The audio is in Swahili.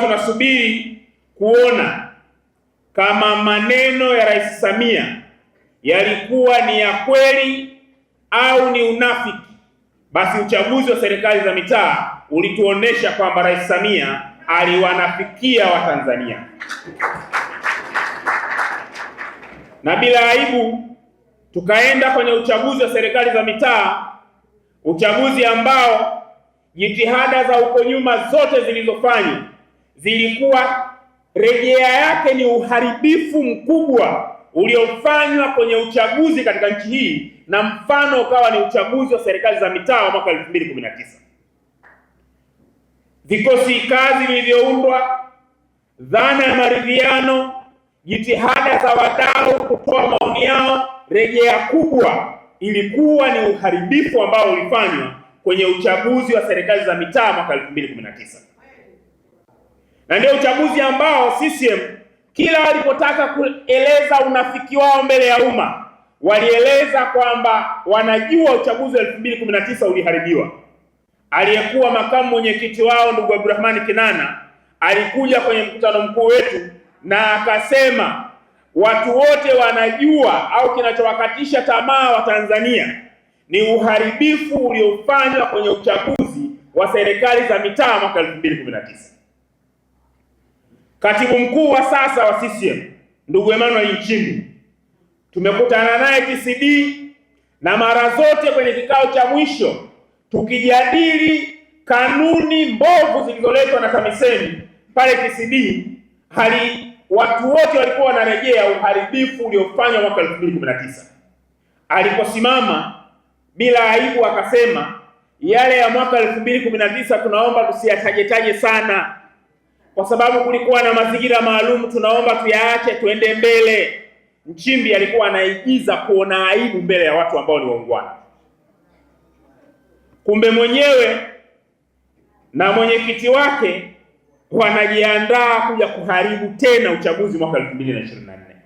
tunasubiri kuona kama maneno ya Rais Samia yalikuwa ni ya kweli au ni unafiki. Basi uchaguzi wa serikali za mitaa ulituonesha kwamba Rais Samia aliwanafikia Watanzania, na bila aibu tukaenda kwenye uchaguzi wa serikali za mitaa, uchaguzi ambao jitihada za uko nyuma zote zilizofanywa zilikuwa rejea yake ni uharibifu mkubwa uliofanywa kwenye uchaguzi katika nchi hii, na mfano ukawa ni uchaguzi wa serikali za mitaa wa mwaka 2019. Vikosi kazi vilivyoundwa, dhana ya maridhiano, jitihada za wadau kutoa maoni yao, rejea kubwa ilikuwa ni uharibifu ambao ulifanywa kwenye uchaguzi wa serikali za mitaa mwaka 2019 na ndio uchaguzi ambao CCM kila walipotaka kueleza unafiki wao mbele ya umma walieleza kwamba wanajua uchaguzi wa 2019 uliharibiwa. Aliyekuwa makamu mwenyekiti wao ndugu Abdurahmani Kinana alikuja kwenye mkutano mkuu wetu na akasema watu wote wanajua au kinachowakatisha tamaa wa Tanzania ni uharibifu uliofanywa kwenye uchaguzi wa serikali za mitaa mwaka 2019. Katibu mkuu wa sasa wa CCM ndugu Emmanuel Nchimbi tumekutana naye TCD na mara zote kwenye kikao cha mwisho tukijadili kanuni mbovu zilizoletwa na TAMISEMI pale TCD, hali watu wote walikuwa wanarejea uharibifu uliofanywa mwaka 2019. Aliposimama bila aibu akasema, yale ya mwaka 2019 tunaomba tusiyataje taje sana kwa sababu kulikuwa na mazingira maalum, tunaomba tuyaache tuende mbele. mchimbi alikuwa anaigiza kuona aibu mbele ya watu ambao ni waungwana, kumbe mwenyewe na mwenyekiti wake wanajiandaa kuja kuharibu tena uchaguzi mwaka 2024.